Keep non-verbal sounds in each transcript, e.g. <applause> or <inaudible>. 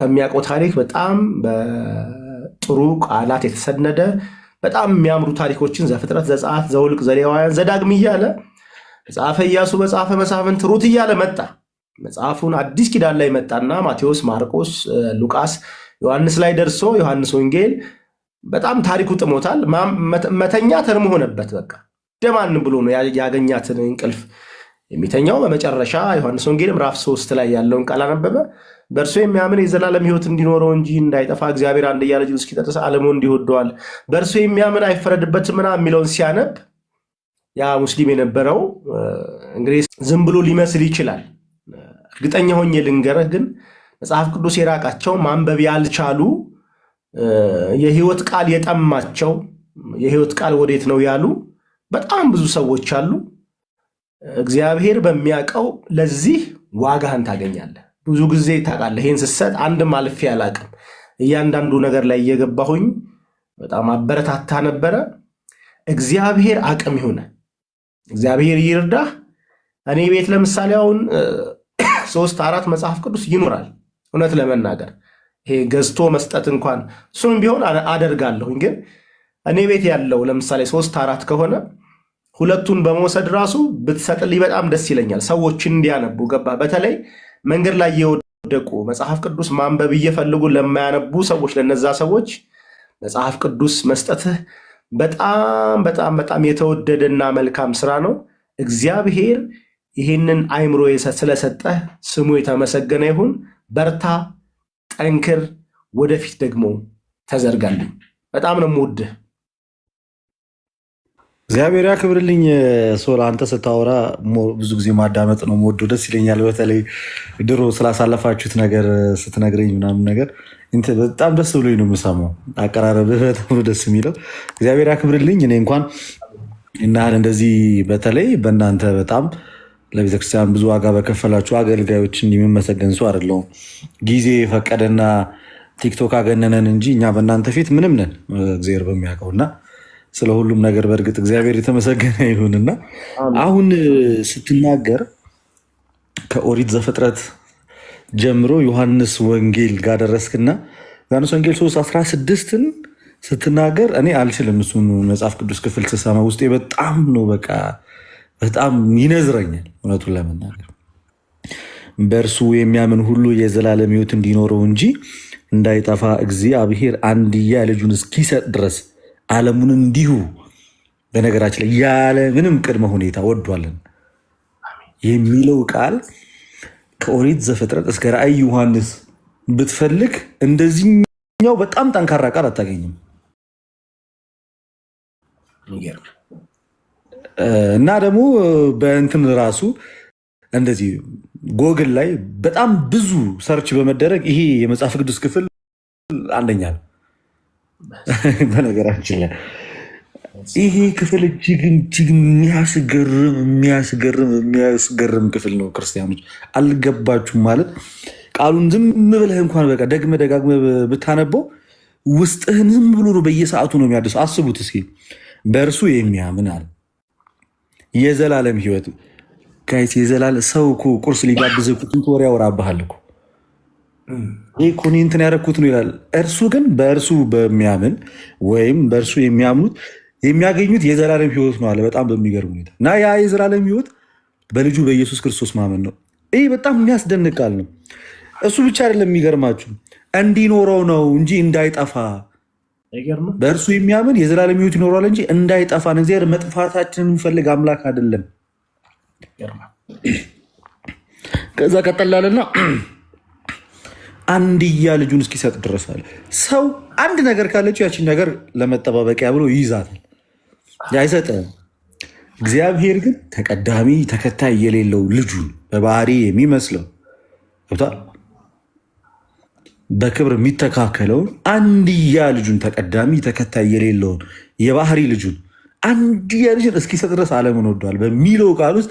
ከሚያውቀው ታሪክ በጣም በጥሩ ቃላት የተሰነደ በጣም የሚያምሩ ታሪኮችን ዘፍጥረት፣ ዘጸአት፣ ዘውልቅ፣ ዘሌዋውያን፣ ዘዳግም እያለ መጽሐፈ ኢያሱ፣ መጽሐፈ መሳፍንት፣ ሩት እያለ መጣ። መጽሐፉን አዲስ ኪዳን ላይ መጣና ማቴዎስ፣ ማርቆስ፣ ሉቃስ፣ ዮሐንስ ላይ ደርሶ ዮሐንስ ወንጌል በጣም ታሪኩ ጥሞታል። መተኛ ተርሞ ሆነበት። በቃ ደማን ብሎ ነው ያገኛትን እንቅልፍ የሚተኛው። በመጨረሻ ዮሐንስ ወንጌል ምዕራፍ ሶስት ላይ ያለውን ቃል አነበበ። በእርሱ የሚያምን የዘላለም ሕይወት እንዲኖረው እንጂ እንዳይጠፋ እግዚአብሔር አንድያ ልጁን እስኪሰጥ ዓለሙ እንዲህ በእርሱ የሚያምን አይፈረድበትምና የሚለውን ሲያነብ ያ ሙስሊም የነበረው እንግዲህ ዝም ብሎ ሊመስል ይችላል። እርግጠኛ ሆኜ ልንገርህ ግን መጽሐፍ ቅዱስ የራቃቸው ማንበብ ያልቻሉ የህይወት ቃል የጠማቸው የህይወት ቃል ወዴት ነው ያሉ በጣም ብዙ ሰዎች አሉ። እግዚአብሔር በሚያውቀው ለዚህ ዋጋህን ታገኛለህ። ብዙ ጊዜ ታውቃለህ፣ ይህን ስሰጥ አንድም አልፌ አላቅም። እያንዳንዱ ነገር ላይ እየገባሁኝ በጣም አበረታታ ነበረ። እግዚአብሔር አቅም ይሁነ፣ እግዚአብሔር ይርዳ። እኔ ቤት ለምሳሌ አሁን <coughs> ሶስት አራት መጽሐፍ ቅዱስ ይኖራል። እውነት ለመናገር ይሄ ገዝቶ መስጠት እንኳን እሱም ቢሆን አደርጋለሁኝ። ግን እኔ ቤት ያለው ለምሳሌ ሶስት አራት ከሆነ ሁለቱን በመውሰድ ራሱ ብትሰጥልኝ በጣም ደስ ይለኛል። ሰዎች እንዲያነቡ ገባ በተለይ መንገድ ላይ የወደቁ መጽሐፍ ቅዱስ ማንበብ እየፈለጉ ለማያነቡ ሰዎች ለነዛ ሰዎች መጽሐፍ ቅዱስ መስጠትህ በጣም በጣም በጣም የተወደደና መልካም ስራ ነው። እግዚአብሔር ይህንን አይምሮ ስለሰጠህ ስሙ የተመሰገነ ይሁን። በርታ፣ ጠንክር፣ ወደፊት ደግሞ ተዘርጋልኝ። በጣም ነው የምወድህ። እግዚአብሔር ያክብርልኝ። ሶል አንተ ስታወራ ብዙ ጊዜ ማዳመጥ ነው የምወደው፣ ደስ ይለኛል። በተለይ ድሮ ስላሳለፋችሁት ነገር ስትነግረኝ ምናምን ነገር በጣም ደስ ብሎኝ ነው የምሰማው። አቀራረብህ በጣም ደስ የሚለው እግዚአብሔር ያክብርልኝ። እኔ እንኳን እናህል እንደዚህ በተለይ በእናንተ በጣም ለቤተክርስቲያን ብዙ ዋጋ በከፈላችሁ አገልጋዮች እንዲመሰገን ሰው አይደለሁም። ጊዜ ፈቀደና ቲክቶክ አገነነን እንጂ እኛ በእናንተ ፊት ምንም ነን፣ እግዚአብሔር በሚያውቀውና ስለ ሁሉም ነገር በእርግጥ እግዚአብሔር የተመሰገነ ይሁንና አሁን ስትናገር ከኦሪት ዘፍጥረት ጀምሮ ዮሐንስ ወንጌል ጋር ደረስክና ዮሐንስ ወንጌል 3 16ን ስትናገር እኔ አልችልም። እሱን መጽሐፍ ቅዱስ ክፍል ስሰማ ውስጤ በጣም ነው በቃ በጣም ይነዝረኛል። እውነቱን ለመናገር በእርሱ የሚያምን ሁሉ የዘላለም ሕይወት እንዲኖረው እንጂ እንዳይጠፋ እግዚአብሔር አንድያ ልጁን እስኪሰጥ ድረስ ዓለሙን እንዲሁ በነገራችን ላይ ያለ ምንም ቅድመ ሁኔታ ወዷለን የሚለው ቃል ከኦሪት ዘፍጥረት እስከ ራእይ ዮሐንስ ብትፈልግ እንደዚህኛው በጣም ጠንካራ ቃል አታገኝም። እና ደግሞ በእንትን ራሱ እንደዚህ ጎግል ላይ በጣም ብዙ ሰርች በመደረግ ይሄ የመጽሐፍ ቅዱስ ክፍል አንደኛ ነው። <laughs> በነገራችን ላይ ይሄ ክፍል እጅግ እጅግ የሚያስገርም የሚያስገርም የሚያስገርም ክፍል ነው። ክርስቲያኖች አልገባችሁም ማለት ቃሉን ዝም ብለህ እንኳን በቃ ደግመ ደጋግመ ብታነበው ውስጥህን ዝም ብሎ ነው በየሰዓቱ ነው የሚያደሱ። አስቡት እስኪ በእርሱ የሚያምን አለ የዘላለም ህይወት ጋይስ የዘላለ ሰው እኮ ቁርስ ሊጋብዝ ቁጥንት ወሬ ያወራብሃል እኮ ይህ እኮ እኔ እንትን ያደረግኩት ነው ይላል። እርሱ ግን በእርሱ በሚያምን ወይም በእርሱ የሚያምኑት የሚያገኙት የዘላለም ህይወት ነው አለ። በጣም በሚገርም ሁኔታ እና ያ የዘላለም ህይወት በልጁ በኢየሱስ ክርስቶስ ማመን ነው። ይህ በጣም የሚያስደንቅ ቃል ነው። እሱ ብቻ አይደለም። የሚገርማችሁ እንዲኖረው ነው እንጂ እንዳይጠፋ በእርሱ የሚያምን የዘላለም ህይወት ይኖረዋል እንጂ እንዳይጠፋ እግዚአብሔር መጥፋታችንን የሚፈልግ አምላክ አይደለም። ከዛ ቀጠላለና <clears throat> አንድያ ልጁን እስኪሰጥ ድረሳል። ሰው አንድ ነገር ካለችው ያችን ነገር ለመጠባበቂያ ብሎ ይይዛታል፣ አይሰጥም። እግዚአብሔር ግን ተቀዳሚ ተከታይ የሌለው ልጁን በባህሪ የሚመስለው በክብር የሚተካከለውን አንድያ ልጁን ተቀዳሚ ተከታይ የሌለውን የባህሪ ልጁን አንድያ ልጅን እስኪሰጥ ድረስ ዓለምን ወዷል በሚለው ቃል ውስጥ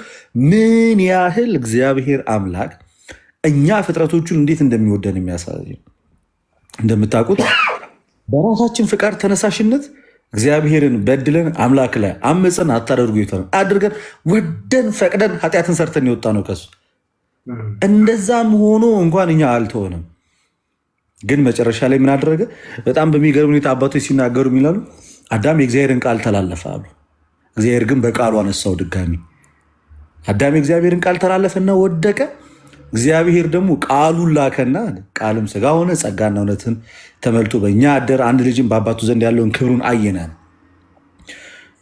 ምን ያህል እግዚአብሔር አምላክ እኛ ፍጥረቶቹን እንዴት እንደሚወደን የሚያሳይ እንደምታውቁት በራሳችን ፍቃድ ተነሳሽነት እግዚአብሔርን በድለን አምላክ ላይ አመፀን አታደርጉ ይተ አድርገን ወደን ፈቅደን ኃጢአትን ሰርተን የወጣ ነው ከሱ። እንደዛም ሆኖ እንኳን እኛ አልተሆንም። ግን መጨረሻ ላይ ምን አደረገ? በጣም በሚገርም ሁኔታ አባቶች ሲናገሩ የሚላሉ አዳም የእግዚአብሔርን ቃል ተላለፈ አሉ። እግዚአብሔር ግን በቃሉ አነሳው ድጋሚ። አዳም የእግዚአብሔርን ቃል ተላለፈና ወደቀ። እግዚአብሔር ደግሞ ቃሉን ላከና ቃልም ስጋ ሆነ ጸጋና እውነትን ተመልቶ በእኛ አደር አንድ ልጅም በአባቱ ዘንድ ያለውን ክብሩን አየናል።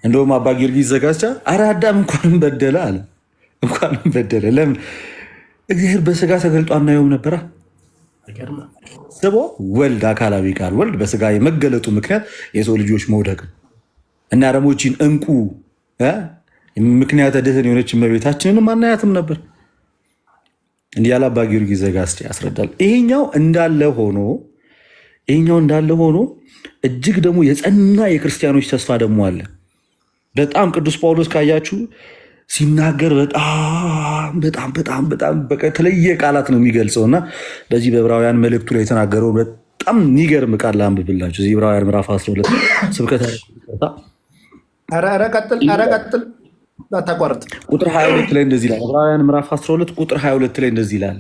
እንደውም አባ ጊዮርጊስ ዘጋስጫ አረ አዳም እንኳንም በደለ አለ። እንኳንም በደለ። ለምን እግዚአብሔር በስጋ ተገልጦ አናየውም ነበራ። ስቦ ወልድ አካላዊ ቃል ወልድ በስጋ የመገለጡ ምክንያት የሰው ልጆች መውደቅ እና ደግሞ እንቁ ምክንያት ደህን የሆነች እመቤታችንንም አናያትም ነበር። እንዲህ ያለ አባ ጊዮርጊስ ዘጋስጫ ያስረዳል። ይሄኛው እንዳለ ሆኖ ይሄኛው እንዳለ ሆኖ እጅግ ደግሞ የጸና የክርስቲያኖች ተስፋ ደግሞ አለ። በጣም ቅዱስ ጳውሎስ ካያችሁ ሲናገር በጣም በጣም በጣም በጣም በተለየ ቃላት ነው የሚገልጸው እና በዚህ በዕብራውያን መልእክቱ ላይ የተናገረው በጣም የሚገርም ቃል አንብብላችሁ እዚህ ዕብራውያን ምዕራፍ 12 ስብከት ቀጥል አታቋርጥ። ቁጥር 22 ላይ እንደዚህ ይላል። ዕብራውያን ምዕራፍ 12 ቁጥር 22 ላይ እንደዚህ ይላል።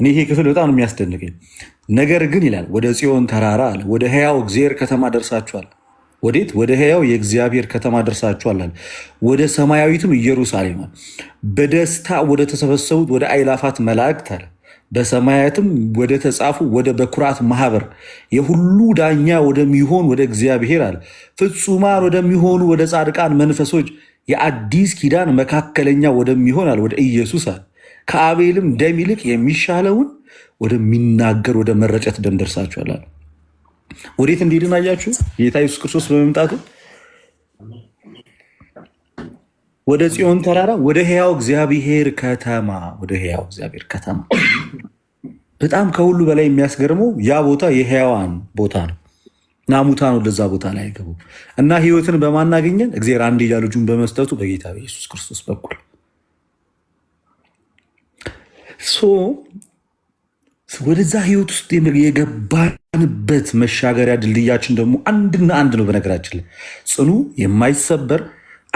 እኔ ይሄ ክፍል በጣም የሚያስደንቀኝ ነገር ግን ይላል ወደ ጽዮን ተራራ አለ ወደ ሕያው እግዚአብሔር ከተማ ደርሳችኋል። ወዴት? ወደ ሕያው የእግዚአብሔር ከተማ ደርሳችኋል አለ። ወደ ሰማያዊትም ኢየሩሳሌም አለ በደስታ ወደ ተሰበሰቡት ወደ አይላፋት መላእክት አለ በሰማያትም ወደ ተጻፉ ወደ በኩራት ማህበር የሁሉ ዳኛ ወደሚሆን ወደ እግዚአብሔር አለ ፍጹማን ወደሚሆኑ ወደ ጻድቃን መንፈሶች የአዲስ ኪዳን መካከለኛ ወደሚሆናል ወደ ኢየሱስ አለ። ከአቤልም ደም ይልቅ የሚሻለውን ወደሚናገር ወደ መረጨት ደም ደርሳችኋል አለ። ወዴት እንዲድን አያችሁ? ጌታ ኢየሱስ ክርስቶስ በመምጣቱ ወደ ጽዮን ተራራ ወደ ሕያው እግዚአብሔር ከተማ ወደ ሕያው እግዚአብሔር ከተማ። በጣም ከሁሉ በላይ የሚያስገርመው ያ ቦታ የሕያዋን ቦታ ነው። ናሙታ ነው ለዛ ቦታ ላይ አይገቡ እና ህይወትን በማናገኘን እግዚአብሔር አንድ ልጁን በመስጠቱ በጌታ በኢየሱስ ክርስቶስ በኩል ወደዛ ህይወት ውስጥ የገባንበት መሻገሪያ ድልድያችን ደግሞ አንድና አንድ ነው። በነገራችን ላይ ጽኑ የማይሰበር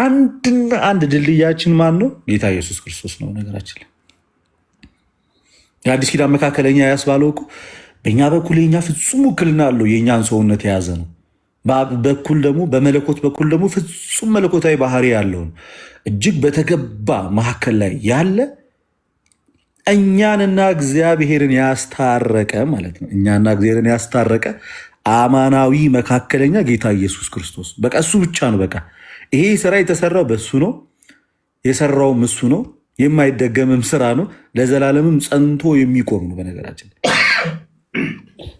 አንድና አንድ ድልድያችን ማን ነው? ጌታ ኢየሱስ ክርስቶስ ነው። ነገራችን ላይ የአዲስ ኪዳን መካከለኛ ያስባለው እኮ በእኛ በኩል የኛ ፍጹም ውክልና አለው። የእኛን ሰውነት የያዘ ነው። በኩል ደግሞ በመለኮት በኩል ደግሞ ፍጹም መለኮታዊ ባህሪ ያለውን እጅግ በተገባ መካከል ላይ ያለ እኛንና እግዚአብሔርን ያስታረቀ ማለት ነው። እኛና እግዚአብሔርን ያስታረቀ አማናዊ መካከለኛ ጌታ ኢየሱስ ክርስቶስ በቃ እሱ ብቻ ነው። በቃ ይሄ ስራ የተሰራው በሱ ነው። የሰራውም እሱ ነው። የማይደገምም ስራ ነው። ለዘላለምም ጸንቶ የሚቆም ነው። በነገራችን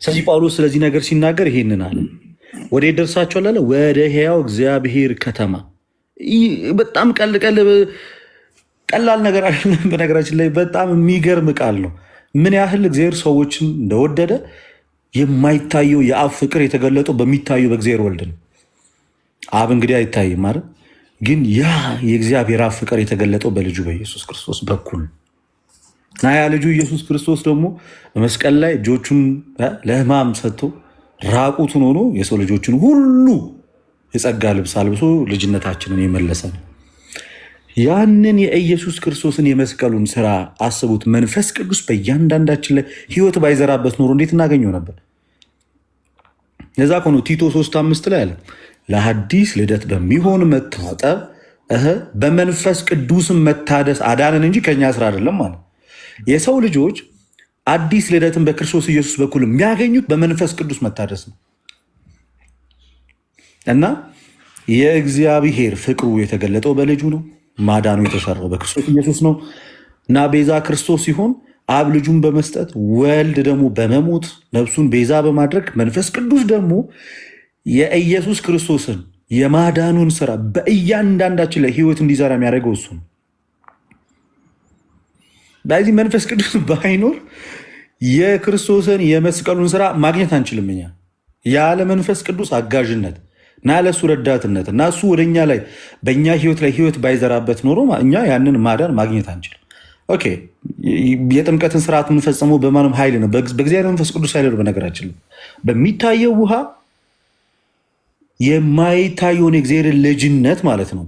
ስለዚህ ጳውሎስ ስለዚህ ነገር ሲናገር ይሄንን አለ። ወደ ደርሳቸው ላለ ወደ ሕያው እግዚአብሔር ከተማ በጣም ቀል ቀል ቀላል ነገር አይደለም። በነገራችን ላይ በጣም የሚገርም ቃል ነው። ምን ያህል እግዚአብሔር ሰዎችን እንደወደደ የማይታየው የአብ ፍቅር የተገለጠው በሚታየው በእግዚአብሔር ወልድ ነው። አብ እንግዲህ አይታይም አይደል? ግን ያ የእግዚአብሔር አብ ፍቅር የተገለጠው በልጁ በኢየሱስ ክርስቶስ በኩል ናያ ልጁ ኢየሱስ ክርስቶስ ደግሞ በመስቀል ላይ እጆቹን ለሕማም ሰጥቶ ራቁቱን ሆኖ የሰው ልጆችን ሁሉ የጸጋ ልብስ አልብሶ ልጅነታችንን የመለሰ ነው። ያንን የኢየሱስ ክርስቶስን የመስቀሉን ስራ አስቡት። መንፈስ ቅዱስ በእያንዳንዳችን ላይ ህይወት ባይዘራበት ኖሮ እንዴት እናገኘው ነበር? ለዛ ከሆነ ቲቶ 3 ላይ አለ ለአዲስ ልደት በሚሆን መታጠብ በመንፈስ ቅዱስን መታደስ አዳንን እንጂ ከኛ ስራ አይደለም ማለት የሰው ልጆች አዲስ ልደትን በክርስቶስ ኢየሱስ በኩል የሚያገኙት በመንፈስ ቅዱስ መታደስ ነው እና የእግዚአብሔር ፍቅሩ የተገለጠው በልጁ ነው። ማዳኑ የተሰራው በክርስቶስ ኢየሱስ ነው እና ቤዛ ክርስቶስ ሲሆን አብ ልጁን በመስጠት ወልድ ደግሞ በመሞት ነፍሱን ቤዛ በማድረግ መንፈስ ቅዱስ ደግሞ የኢየሱስ ክርስቶስን የማዳኑን ስራ በእያንዳንዳችን ላይ ህይወት እንዲዘራ የሚያደርገው እሱ ነው። በዚህ መንፈስ ቅዱስ ባይኖር የክርስቶስን የመስቀሉን ስራ ማግኘት አንችልም። እኛ ያለ መንፈስ ቅዱስ አጋዥነት እና ለእሱ ረዳትነት እና እሱ ወደ እኛ ላይ በእኛ ህይወት ላይ ህይወት ባይዘራበት ኖሮ እኛ ያንን ማዳን ማግኘት አንችልም። ኦኬ የጥምቀትን ስርዓት የምንፈጸመው በማንም ኃይል ነው፣ በእግዚአብሔር መንፈስ ቅዱስ ኃይል ነው። በነገራችን በሚታየው ውሃ የማይታየውን የእግዚአብሔር ልጅነት ማለት ነው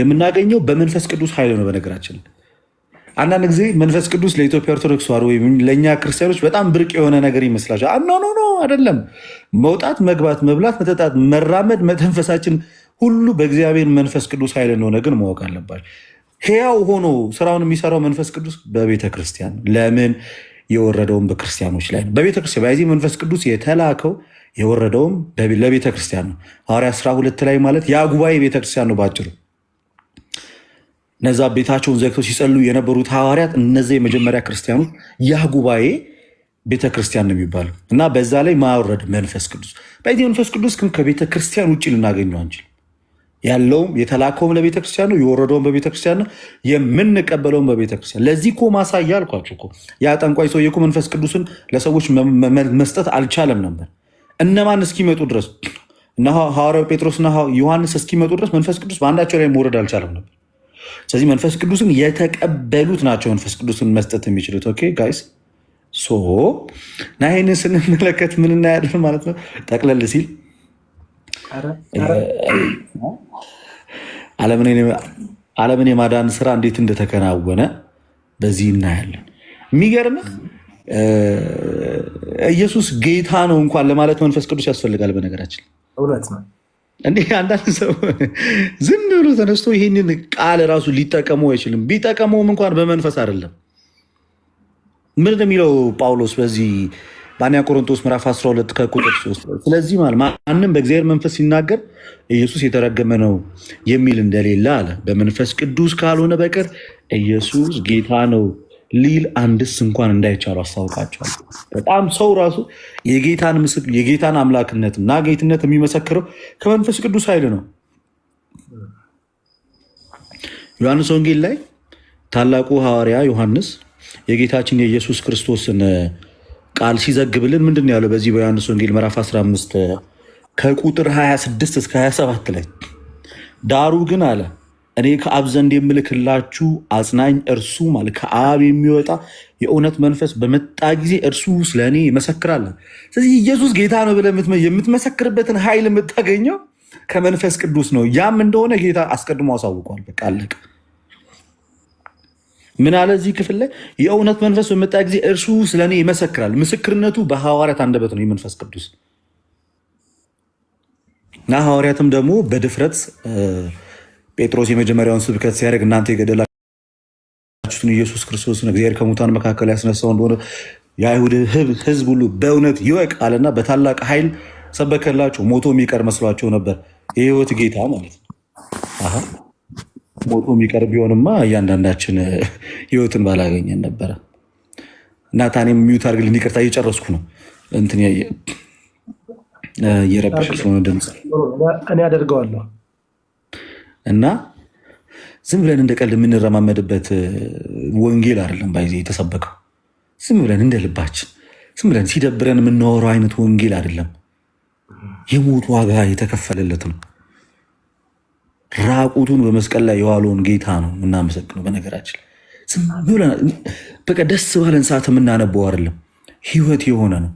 የምናገኘው በመንፈስ ቅዱስ ኃይል ነው። በነገራችን አንዳንድ ጊዜ መንፈስ ቅዱስ ለኢትዮጵያ ኦርቶዶክስ ተዋሕዶ ወይም ለእኛ ክርስቲያኖች በጣም ብርቅ የሆነ ነገር ይመስላችኋል። አኖ ኖ ኖ አይደለም። መውጣት፣ መግባት፣ መብላት፣ መጠጣት፣ መራመድ፣ መተንፈሳችን ሁሉ በእግዚአብሔር መንፈስ ቅዱስ ኃይል እንደሆነ ግን ማወቅ አለባቸው። ሕያው ሆኖ ስራውን የሚሰራው መንፈስ ቅዱስ በቤተ ክርስቲያን ለምን የወረደውም በክርስቲያኖች ላይ ነው። በቤተ ክርስቲያን በዚህ መንፈስ ቅዱስ የተላከው የወረደውም ለቤተ ክርስቲያን ነው። ሐዋርያት ሥራ ሁለት ላይ ማለት ያ ጉባኤ ቤተ ክርስቲያን ነው ባጭሩ ነዛ ቤታቸውን ዘግተው ሲጸሉ የነበሩት ሐዋርያት እነዚ የመጀመሪያ ክርስቲያኑ ያ ጉባኤ ቤተ ክርስቲያን ነው የሚባለው እና በዛ ላይ ማውረድ መንፈስ ቅዱስ በዚ መንፈስ ቅዱስ ግን ከቤተ ክርስቲያን ውጭ ልናገኘው አንችል። ያለውም የተላከውም ለቤተ ክርስቲያን ነው፣ የወረደውም በቤተ ክርስቲያን ነው፣ የምንቀበለውም በቤተ ክርስቲያን። ለዚህ እኮ ማሳያ አልኳቸው እኮ ያ ጠንቋይ ሰውዬ እኮ መንፈስ ቅዱስን ለሰዎች መስጠት አልቻለም ነበር እነማን እስኪመጡ ድረስ ሐዋርያው ጴጥሮስና ዮሐንስ እስኪመጡ ድረስ መንፈስ ቅዱስ በአንዳቸው ላይ መውረድ አልቻለም ነበር። ስለዚህ መንፈስ ቅዱስን የተቀበሉት ናቸው መንፈስ ቅዱስን መስጠት የሚችሉት። ኦኬ ጋይስ ሶ እና ይህንን ስንመለከት ምን እናያለን ማለት ነው? ጠቅለል ሲል ዓለምን የማዳን ስራ እንዴት እንደተከናወነ በዚህ እናያለን። የሚገርምህ ኢየሱስ ጌታ ነው እንኳን ለማለት መንፈስ ቅዱስ ያስፈልጋል። በነገራችን እውነት ነው። እንዲህ አንዳንድ ሰው ዝም ብሎ ተነስቶ ይህንን ቃል ራሱ ሊጠቀመው አይችልም። ቢጠቀመውም እንኳን በመንፈስ አይደለም። ምን የሚለው ጳውሎስ በዚህ በአንያ ቆሮንቶስ ምዕራፍ 12 ከቁጥር 3 ስለዚህ ማለት ማንም በእግዚአብሔር መንፈስ ሲናገር ኢየሱስ የተረገመ ነው የሚል እንደሌለ አለ። በመንፈስ ቅዱስ ካልሆነ በቀር ኢየሱስ ጌታ ነው ሊል አንድስ እንኳን እንዳይቻሉ አስታውቃቸዋል። በጣም ሰው ራሱ የጌታን ምስል የጌታን አምላክነት እና ጌትነት የሚመሰክረው ከመንፈስ ቅዱስ ኃይል ነው። ዮሐንስ ወንጌል ላይ ታላቁ ሐዋርያ ዮሐንስ የጌታችን የኢየሱስ ክርስቶስን ቃል ሲዘግብልን ምንድን ያለው? በዚህ በዮሐንስ ወንጌል ምዕራፍ 15 ከቁጥር 26 እስከ 27 ላይ ዳሩ ግን አለ እኔ ከአብ ዘንድ የምልክላችሁ አጽናኝ እርሱ ማለት ከአብ የሚወጣ የእውነት መንፈስ በመጣ ጊዜ እርሱ ስለ እኔ ይመሰክራል። ስለዚህ ኢየሱስ ጌታ ነው ብለህ የምትመሰክርበትን ኃይል የምታገኘው ከመንፈስ ቅዱስ ነው። ያም እንደሆነ ጌታ አስቀድሞ አሳውቋል። በቃ አለቀ። ምን አለ እዚህ ክፍል ላይ? የእውነት መንፈስ በመጣ ጊዜ እርሱ ስለ እኔ ይመሰክራል። ምስክርነቱ በሐዋርያት አንደበት ነው። የመንፈስ ቅዱስ እና ሐዋርያትም ደግሞ በድፍረት ጴጥሮስ የመጀመሪያውን ስብከት ሲያደርግ እናንተ የገደላችሁትን ኢየሱስ ክርስቶስን እግዚአብሔር ከሙታን መካከል ያስነሳው እንደሆነ የአይሁድ ሕዝብ ሁሉ በእውነት ይወቅ አለና በታላቅ ኃይል ሰበከላቸው። ሞቶ የሚቀር መስሏቸው ነበር። የህይወት ጌታ ማለት ነው። ሞቶ የሚቀር ቢሆንማ እያንዳንዳችን ህይወትን ባላገኘን ነበረ። ናታን የሚዩት አድርግልን፣ ይቅርታ እየጨረስኩ ነው። እንትን እየረበሸ ስለሆነ ድምፅ እኔ አደርገዋለሁ። እና ዝም ብለን እንደ ቀልድ የምንረማመድበት ወንጌል አይደለም። ባይዜ የተሰበከው ዝም ብለን እንደ ልባችን ዝም ብለን ሲደብረን የምናወራው አይነት ወንጌል አይደለም። የሞት ዋጋ የተከፈለለት ነው። ራቁቱን በመስቀል ላይ የዋለውን ጌታ ነው የምናመሰግነው። በነገራችን በቃ ደስ ባለን ሰዓት የምናነበው አይደለም፣ ህይወት የሆነ ነው።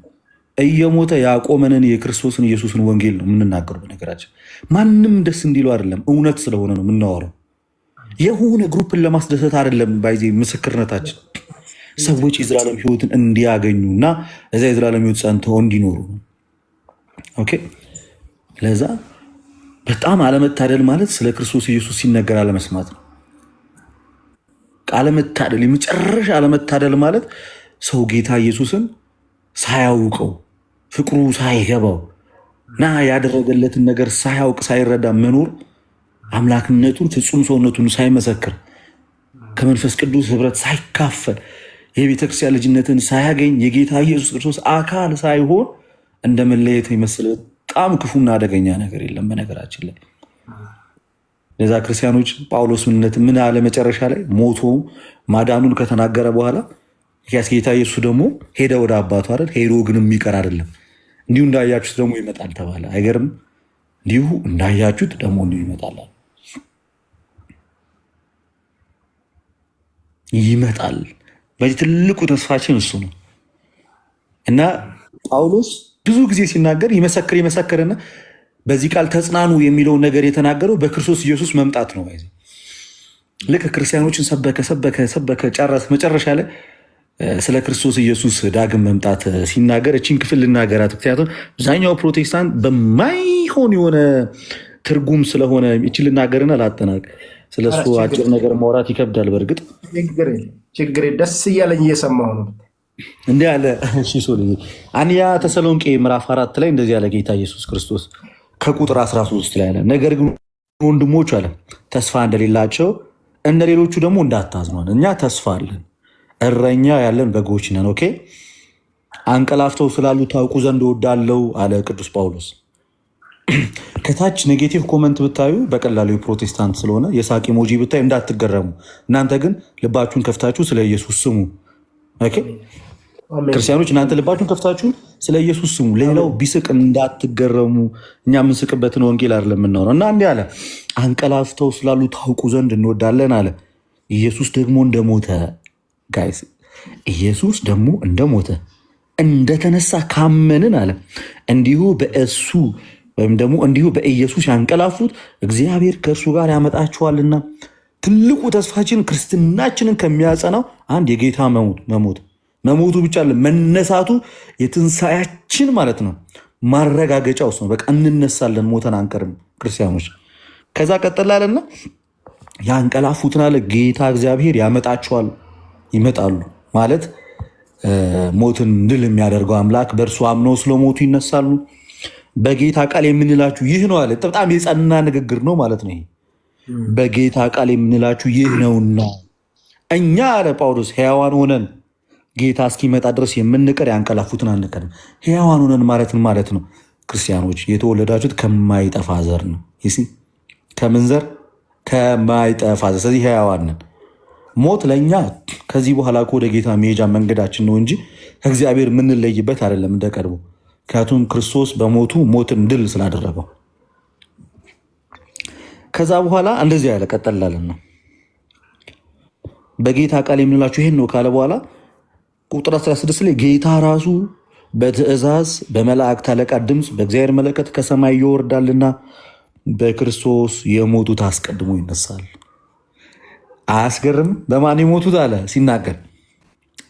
እየሞተ ያቆመንን የክርስቶስን ኢየሱስን ወንጌል ነው የምንናገሩ። በነገራችን ማንም ደስ እንዲለው አይደለም፣ እውነት ስለሆነ ነው የምናወረው የሆነ ግሩፕን ለማስደሰት አይደለም። ባይዜ ምስክርነታችን ሰዎች የዘላለም ህይወትን እንዲያገኙ እና እዛ የዘላለም ህይወት ጸንተው እንዲኖሩ ኦኬ። ለዛ በጣም አለመታደል ማለት ስለ ክርስቶስ ኢየሱስ ሲነገር አለመስማት ነው። አለመታደል፣ የመጨረሻ አለመታደል ማለት ሰው ጌታ ኢየሱስን ሳያውቀው ፍቅሩ ሳይገባው ና ያደረገለትን ነገር ሳያውቅ ሳይረዳ መኖር አምላክነቱን ፍጹም ሰውነቱን ሳይመሰክር ከመንፈስ ቅዱስ ህብረት ሳይካፈል የቤተክርስቲያን ልጅነትን ሳያገኝ የጌታ ኢየሱስ ክርስቶስ አካል ሳይሆን እንደ መለየት የመሰለ በጣም ክፉና አደገኛ ነገር የለም። በነገራችን ላይ ለዛ ክርስቲያኖች ጳውሎስ ምንነት ምን አለ መጨረሻ ላይ ሞቶ ማዳኑን ከተናገረ በኋላ ምክንያት ጌታ ኢየሱስ ደግሞ ሄደ ወደ አባቱ አይደል? ሄዶ ግን የሚቀር አይደለም። እንዲሁ እንዳያችሁት ደግሞ ይመጣል ተባለ። አይገርም? እንዲሁ እንዳያችሁት ደግሞ እንዲሁ ይመጣል ይመጣል። በዚህ ትልቁ ተስፋችን እሱ ነው እና ጳውሎስ ብዙ ጊዜ ሲናገር ይመሰክር ይመሰክርና በዚህ ቃል ተጽናኑ የሚለውን ነገር የተናገረው በክርስቶስ ኢየሱስ መምጣት ነው። ልክ ክርስቲያኖችን ሰበከ ሰበከ ሰበከ ጨረስ መጨረሻ ላይ ስለ ክርስቶስ ኢየሱስ ዳግም መምጣት ሲናገር እችን ክፍል ልናገራት። ምክንያቱም አብዛኛው ፕሮቴስታንት በማይሆን የሆነ ትርጉም ስለሆነ እችን ልናገርን አላጠናቅ። ስለሱ አጭር ነገር ማውራት ይከብዳል። በእርግጥ ችግሬ ደስ እያለኝ እየሰማሁ ነው። እንዲህ ያለ ሶ አንያ ተሰሎንቄ ምዕራፍ አራት ላይ እንደዚህ ያለ ጌታ ኢየሱስ ክርስቶስ ከቁጥር 13 ላይ ያለ ነገር ግን ወንድሞች አለ ተስፋ እንደሌላቸው እንደ ሌሎቹ ደግሞ እንዳታዝኗል እኛ ተስፋ አለን እረኛ ያለን በጎች ነን። ኦኬ አንቀላፍተው ስላሉ ታውቁ ዘንድ ወዳለው አለ ቅዱስ ጳውሎስ። ከታች ኔጌቲቭ ኮመንት ብታዩ በቀላሉ የፕሮቴስታንት ስለሆነ የሳቅ ኢሞጂ ብታዩ እንዳትገረሙ። እናንተ ግን ልባችሁን ከፍታችሁ ስለ ኢየሱስ ስሙ። ክርስቲያኖች እናንተ ልባችሁን ከፍታችሁ ስለ ኢየሱስ ስሙ። ሌላው ቢስቅ እንዳትገረሙ። እኛ የምንስቅበትን ወንጌል አይደለም የምናወራው። እና እንዲህ አለ፣ አንቀላፍተው ስላሉ ታውቁ ዘንድ እንወዳለን አለ። ኢየሱስ ደግሞ እንደሞተ ጋይስ ኢየሱስ ደግሞ እንደሞተ እንደተነሳ ካመንን አለ እንዲሁ በእሱ ወይም ደግሞ እንዲሁ በኢየሱስ ያንቀላፉት እግዚአብሔር ከእርሱ ጋር ያመጣችኋልና። ትልቁ ተስፋችን ክርስትናችንን ከሚያጸናው አንድ የጌታ መሞት መሞቱ ብቻ አለ መነሳቱ የትንሣያችን ማለት ነው ማረጋገጫ ውስጥ ነው። በቃ እንነሳለን፣ ሞተን አንቀርም ክርስቲያኖች። ከዛ ቀጥላለና ያንቀላፉትን አለ ጌታ እግዚአብሔር ያመጣችኋል። ይመጣሉ ማለት ሞትን ድል የሚያደርገው አምላክ በእርሱ አምነው ስለሞቱ ይነሳሉ። በጌታ ቃል የምንላችሁ ይህ ነው አለ። በጣም የጸና ንግግር ነው ማለት ነው። በጌታ ቃል የምንላችሁ ይህ ነውና እኛ አለ ጳውሎስ ሕያዋን ሆነን ጌታ እስኪመጣ ድረስ የምንቀር ያንቀላፉትን አንቀርም። ሕያዋን ሆነን ማለትን ማለት ነው። ክርስቲያኖች የተወለዳችሁት ከማይጠፋ ዘር ነው። ከምን ዘር? ከማይጠፋ ዘር። ስለዚህ ሕያዋን ነን። ሞት ለእኛ ከዚህ በኋላ ወደ ጌታ መሄጃ መንገዳችን ነው እንጂ ከእግዚአብሔር የምንለይበት አይደለም እንደቀድሞ። ምክንያቱም ክርስቶስ በሞቱ ሞትን ድል ስላደረገው ከዛ በኋላ እንደዚህ ያለ ቀጠላለን ነው በጌታ ቃል የምንላቸው ይሄን ነው ካለ በኋላ ቁጥር 16 ላይ ጌታ ራሱ በትእዛዝ በመላእክት አለቃ ድምፅ በእግዚአብሔር መለከት ከሰማይ ይወርዳልና በክርስቶስ የሞቱት አስቀድሞ ይነሳል። አያስገርም? በማን ይሞቱት አለ ሲናገር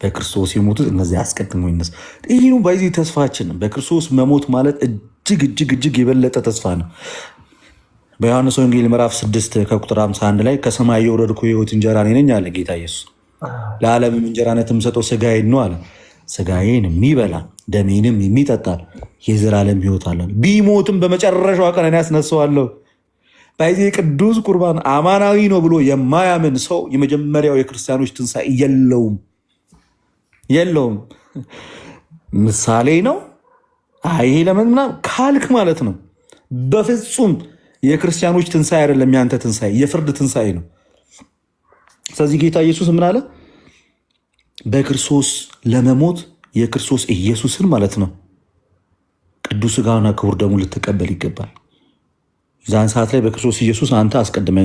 በክርስቶስ የሞቱት እነዚህ አስቀድሞ ይነሳ። ይህኑ ነው ተስፋችን በክርስቶስ መሞት ማለት እጅግ እጅግ እጅግ የበለጠ ተስፋ ነው። በዮሐንስ ወንጌል ምዕራፍ 6 ከቁጥር 51 ላይ ከሰማይ የወረድኩ የህይወት እንጀራ እኔ ነኝ አለ ጌታ ኢየሱስ። ለዓለምም እንጀራነት የምሰጠው ስጋዬን ነው አለ። ስጋዬን የሚበላ ደሜንም የሚጠጣ የዘላለም ህይወት አለ፣ ቢሞትም በመጨረሻው ቀን እኔ አስነሳዋለሁ። በዚህ ቅዱስ ቁርባን አማናዊ ነው ብሎ የማያምን ሰው የመጀመሪያው የክርስቲያኖች ትንሣኤ የለውም የለውም። ምሳሌ ነው ይሄ ለምን ምናምን ካልክ ማለት ነው። በፍጹም የክርስቲያኖች ትንሣኤ አይደለም ያንተ ትንሣኤ፣ የፍርድ ትንሣኤ ነው። ስለዚህ ጌታ ኢየሱስ ምን አለ? በክርስቶስ ለመሞት የክርስቶስ ኢየሱስን ማለት ነው ቅዱስ ሥጋውና ክቡር ደሙ ልትቀበል ይገባል። ዛን ሰዓት ላይ በክርስቶስ ኢየሱስ አንተ አስቀድመ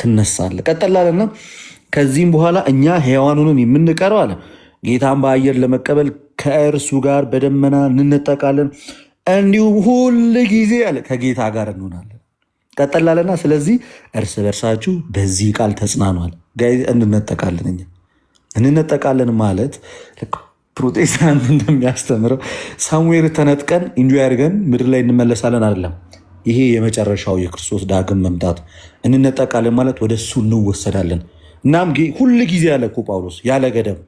ትነሳለ። ቀጠል ከዚህም በኋላ እኛ ሕያዋን የምንቀረው አለ ጌታን በአየር ለመቀበል ከእርሱ ጋር በደመና እንነጠቃለን፣ እንዲሁም ሁል ጊዜ አለ ከጌታ ጋር እንሆናለን። ቀጠላለና ስለዚህ እርስ በርሳችሁ በዚህ ቃል ተጽናኗል። እንነጠቃለን እኛ እንነጠቃለን ማለት ፕሮቴስታንት እንደሚያስተምረው ሳሙዌር ተነጥቀን እንጆ ያድርገን ምድር ላይ እንመለሳለን አይደለም። ይሄ የመጨረሻው የክርስቶስ ዳግም መምጣት እንነጠቃለን ማለት ወደ እሱ እንወሰዳለን። እናም ሁል ጊዜ ያለ እኮ ጳውሎስ ያለ ገደብ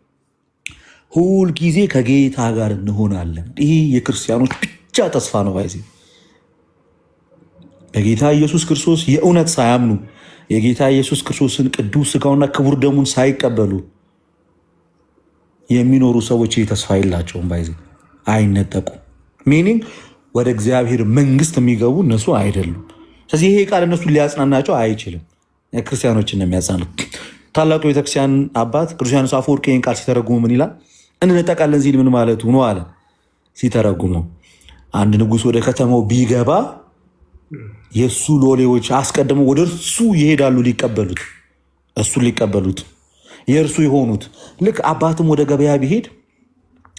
ሁል ጊዜ ከጌታ ጋር እንሆናለን። ይሄ የክርስቲያኖች ብቻ ተስፋ ነው። ባይዜ በጌታ ኢየሱስ ክርስቶስ የእውነት ሳያምኑ የጌታ ኢየሱስ ክርስቶስን ቅዱስ ስጋውና ክቡር ደሙን ሳይቀበሉ የሚኖሩ ሰዎች ተስፋ የላቸውም። ይዜ አይነጠቁም። ሚኒንግ ወደ እግዚአብሔር መንግስት የሚገቡ እነሱ አይደሉም። ስለዚህ ይሄ ቃል እነሱ ሊያጽናናቸው አይችልም። ክርስቲያኖችን ነው የሚያጽናል። ታላቁ ቤተክርስቲያን አባት ቅዱስ ዮሐንስ አፈወርቅ ይህን ቃል ሲተረጉሙ ምን ይላል? እንነጠቃለን ሲል ምን ማለቱ ነው አለ ሲተረጉሙ አንድ ንጉስ ወደ ከተማው ቢገባ የእሱ ሎሌዎች አስቀድመው ወደ እርሱ ይሄዳሉ ሊቀበሉት እሱን ሊቀበሉት የእርሱ የሆኑት ልክ አባትም ወደ ገበያ ቢሄድ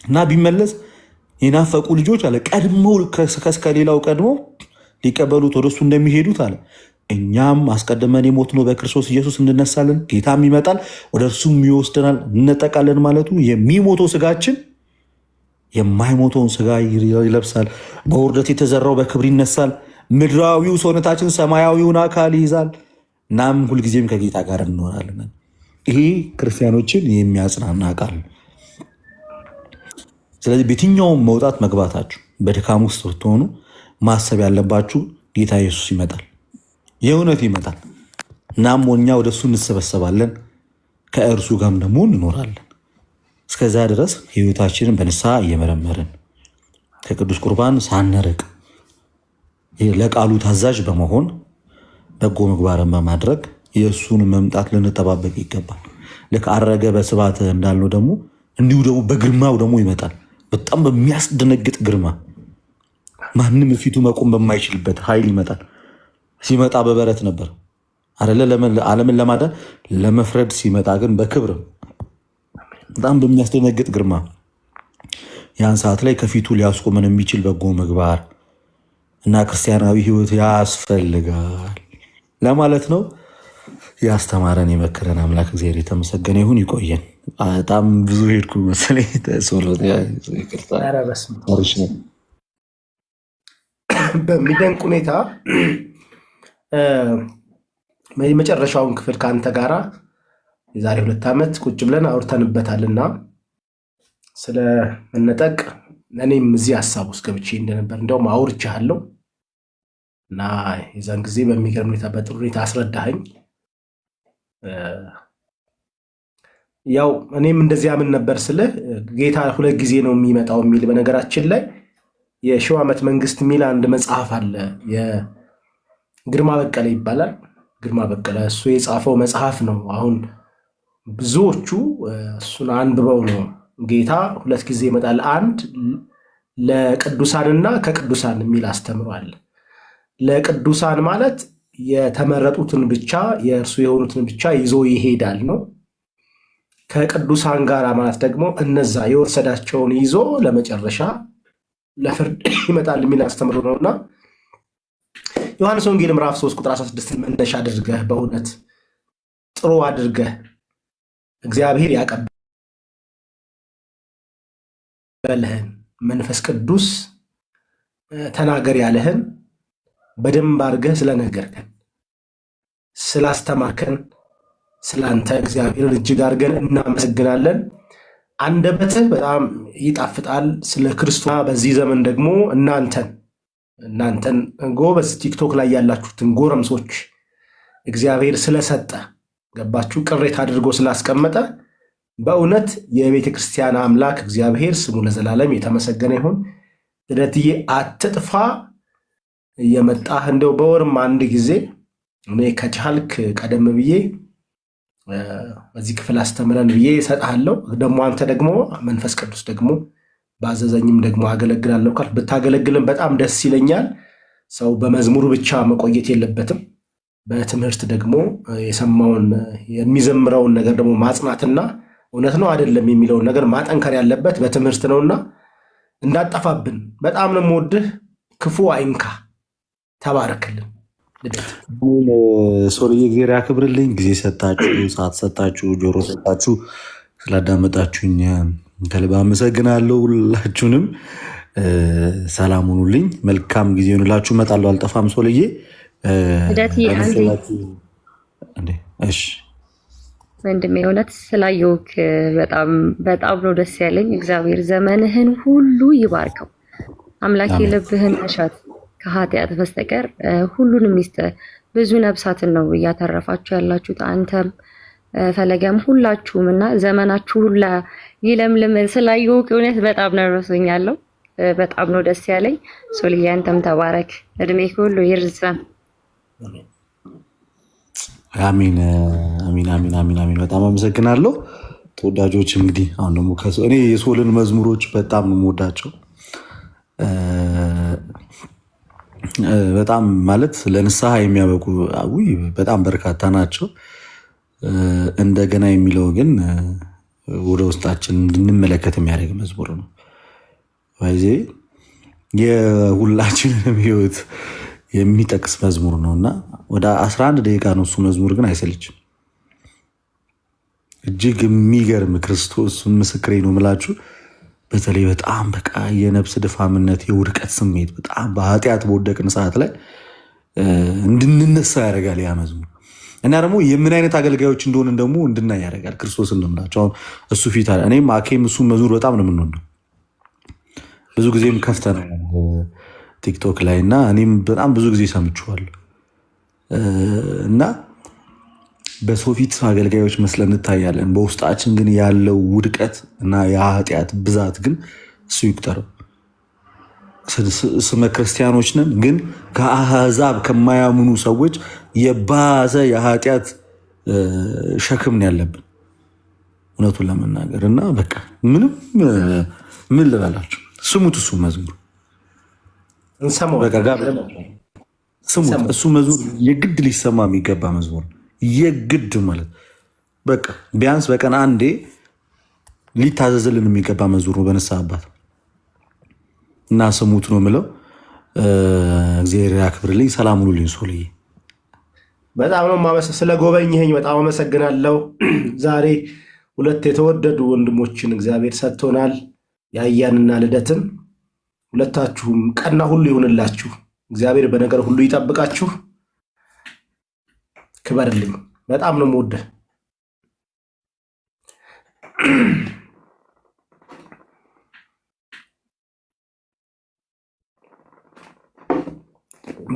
እና ቢመለስ የናፈቁ ልጆች አለ ቀድሞ ከሌላው ቀድሞ ሊቀበሉት ወደሱ እንደሚሄዱት አለ እኛም አስቀድመን የሞት ነው በክርስቶስ ኢየሱስ እንነሳለን፣ ጌታም ይመጣል፣ ወደ እርሱም ይወስደናል፣ እንነጠቃለን ማለቱ የሚሞተው ስጋችን የማይሞተውን ስጋ ይለብሳል። በውርደት የተዘራው በክብር ይነሳል። ምድራዊው ሰውነታችን ሰማያዊውን አካል ይይዛል። እናም ሁልጊዜም ከጌታ ጋር እንኖራለን። ይሄ ክርስቲያኖችን የሚያጽናና ቃል ስለዚህ በየትኛውም መውጣት መግባታችሁ በድካም ውስጥ ብትሆኑ ማሰብ ያለባችሁ ጌታ ኢየሱስ ይመጣል፣ የእውነት ይመጣል። እናም እኛ ወደ እሱ እንሰበሰባለን፣ ከእርሱ ጋርም ደግሞ እንኖራለን። እስከዛ ድረስ ህይወታችንን በንስሐ እየመረመርን ከቅዱስ ቁርባን ሳንርቅ ለቃሉ ታዛዥ በመሆን በጎ ምግባርን በማድረግ የእሱን መምጣት ልንጠባበቅ ይገባል። ልክ አረገ በስባት እንዳልነው ደግሞ እንዲሁ ደግሞ በግርማው ደግሞ ይመጣል። በጣም በሚያስደነግጥ ግርማ ማንም ፊቱ መቆም በማይችልበት ኃይል ይመጣል። ሲመጣ በበረት ነበር አደለ? ዓለምን ለማዳን ለመፍረድ ሲመጣ ግን በክብር በጣም በሚያስደነግጥ ግርማ ያን ሰዓት ላይ ከፊቱ ሊያስቆመን የሚችል በጎ ምግባር እና ክርስቲያናዊ ሕይወት ያስፈልጋል ለማለት ነው። ያስተማረን የመከረን አምላክ እግዚአብሔር የተመሰገነ ይሁን። ይቆየን። በጣም ብዙ ሄድኩ መሰለኝ። በሚደንቅ ሁኔታ የመጨረሻውን ክፍል ከአንተ ጋር የዛሬ ሁለት ዓመት ቁጭ ብለን አውርተንበታል እና ስለ መነጠቅ እኔም እዚህ ሀሳብ ውስጥ ገብቼ እንደነበር እንደውም አውርቻለሁ እና የዛን ጊዜ በሚገርም ሁኔታ በጥሩ ሁኔታ አስረዳኸኝ። ያው እኔም እንደዚህ ምን ነበር ስልህ ጌታ ሁለት ጊዜ ነው የሚመጣው የሚል በነገራችን ላይ የሺው ዓመት መንግስት የሚል አንድ መጽሐፍ አለ። ግርማ በቀለ ይባላል። ግርማ በቀለ እሱ የጻፈው መጽሐፍ ነው። አሁን ብዙዎቹ እሱን አንብበው ነው ጌታ ሁለት ጊዜ ይመጣል፣ አንድ ለቅዱሳንና ከቅዱሳን የሚል አስተምሯል። ለቅዱሳን ማለት የተመረጡትን ብቻ የእርሱ የሆኑትን ብቻ ይዞ ይሄዳል ነው። ከቅዱሳን ጋር ማለት ደግሞ እነዛ የወሰዳቸውን ይዞ ለመጨረሻ ለፍርድ <clears throat> ይመጣል የሚል አስተምሮ ነውና ዮሐንስ ወንጌል ምዕራፍ 3 ቁጥር 16 መነሻ አድርገህ በእውነት ጥሩ አድርገህ እግዚአብሔር ያቀበልህን መንፈስ ቅዱስ ተናገር ያለህን በደንብ አድርገህ ስለነገርከን፣ ስላስተማርከን ስላንተ እግዚአብሔርን እጅግ አድርገን እናመሰግናለን። አንደበትህ በጣም ይጣፍጣል ስለ ክርስቶስ። በዚህ ዘመን ደግሞ እናንተን እናንተን ጎበዝ ቲክቶክ ላይ ያላችሁትን ጎረምሶች እግዚአብሔር ስለሰጠ ገባችሁ፣ ቅሬታ አድርጎ ስላስቀመጠ በእውነት የቤተ ክርስቲያን አምላክ እግዚአብሔር ስሙ ለዘላለም የተመሰገነ ይሁን። ልደትዬ አትጥፋ። እየመጣህ እንደው በወርም አንድ ጊዜ እኔ ከቻልክ ቀደም ብዬ በዚህ ክፍል አስተምረን ብዬ እሰጥሃለሁ። ደግሞ አንተ ደግሞ መንፈስ ቅዱስ ደግሞ ባዘዘኝም ደግሞ አገለግላለሁ ካል ብታገለግልን በጣም ደስ ይለኛል። ሰው በመዝሙሩ ብቻ መቆየት የለበትም። በትምህርት ደግሞ የሰማውን የሚዘምረውን ነገር ደግሞ ማጽናትና እውነት ነው አይደለም የሚለውን ነገር ማጠንከር ያለበት በትምህርት ነውና እንዳጠፋብን። በጣም ነው የምወድህ። ክፉ አይንካ። ተባረክልን። ሶሪ እግዚአብሔር ያክብርልኝ። ጊዜ ሰጣችሁ፣ ሰዓት ሰጣችሁ፣ ጆሮ ሰጣችሁ፣ ስላዳመጣችሁኝ ከልብ አመሰግናለሁ። ሁላችሁንም ሰላም ሁኑልኝ። መልካም ጊዜ ሆንላችሁ። እመጣለሁ፣ አልጠፋም። ሶልዬ ወንድሜ እውነት ስላየውክ በጣም በጣም ነው ደስ ያለኝ። እግዚአብሔር ዘመንህን ሁሉ ይባርከው። አምላክ ልብህን መሻት ከኃጢአት በስተቀር ሁሉንም ሚስጥ ብዙ ነብሳትን ነው እያተረፋችሁ ያላችሁት። አንተም ፈለገም ሁላችሁም እና ዘመናችሁ ሁላ ይለምልም። ስላየሁህ እውነት በጣም ነርሶኛለሁ። በጣም ነው ደስ ያለኝ። ሶልያ አንተም ተባረክ፣ እድሜ ሁሉ ይርዘም። አሚን አሚን አሚን አሚን አሚን። በጣም አመሰግናለሁ ተወዳጆች። እንግዲህ አሁን ደግሞ እኔ የሶልን መዝሙሮች በጣም ነው የምወዳቸው። በጣም ማለት ለንስሐ የሚያበቁ በጣም በርካታ ናቸው። እንደገና የሚለው ግን ወደ ውስጣችን እንድንመለከት የሚያደርግ መዝሙር ነው። ይዜ የሁላችንንም ህይወት የሚጠቅስ መዝሙር ነው እና ወደ 11 ደቂቃ ነው እሱ መዝሙር ግን አይሰልችም። እጅግ የሚገርም ክርስቶስ ምስክሬ ነው የምላችሁ በተለይ በጣም በቃ የነብስ ድፋምነት የውድቀት ስሜት በጣም በኃጢአት በወደቅን ሰዓት ላይ እንድንነሳ ያደርጋል ያ መዝሙር እና ደግሞ የምን አይነት አገልጋዮች እንደሆንን ደግሞ እንድናይ ያደርጋል። ክርስቶስ እንምራቸው እሱ ፊት አለ። እኔም አኬም እሱ መዝሙር በጣም ነው የምንወደው። ብዙ ጊዜም ከፍተ ነው ቲክቶክ ላይ እና እኔም በጣም ብዙ ጊዜ ሰምችዋል ። እና በሰው ፊት አገልጋዮች መስለን እንታያለን። በውስጣችን ግን ያለው ውድቀት እና የኃጢአት ብዛት ግን እሱ ይቁጠርም። ስመ ክርስቲያኖች ነን፣ ግን ከአህዛብ ከማያምኑ ሰዎች የባሰ የኃጢአት ሸክም ነው ያለብን እውነቱን ለመናገር እና በቃ ምንም ምን ልበላችሁ። ስሙት፣ እሱ መዝሙር ስሙት፣ እሱ መዝሙር የግድ ሊሰማ የሚገባ መዝሙር ነው። የግድ ማለት በቃ ቢያንስ በቀን አንዴ ሊታዘዝልን የሚገባ መዝሙር ነው። በንስሐ አባት እና ስሙት ነው የምለው። እግዚአብሔር ያክብርልኝ። ሰላም ሁሉልኝ። ሶልዬ በጣም ነው ስለ ጎበኝህኝ በጣም አመሰግናለሁ። <clears throat> ዛሬ ሁለት የተወደዱ ወንድሞችን እግዚአብሔር ሰጥቶናል። ያያንና ልደትን ሁለታችሁም ቀና ሁሉ ይሆንላችሁ እግዚአብሔር በነገር ሁሉ ይጠብቃችሁ። ክበርልኝ። በጣም ነው የምወድህ።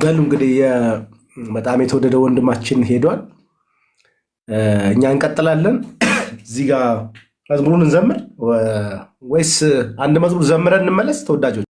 በሉ እንግዲህ በጣም የተወደደ ወንድማችን ሄዷል። እኛ እንቀጥላለን። እዚህ ጋር መዝሙሩን እንዘምር ወይስ አንድ መዝሙር ዘምረን እንመለስ? ተወዳጆች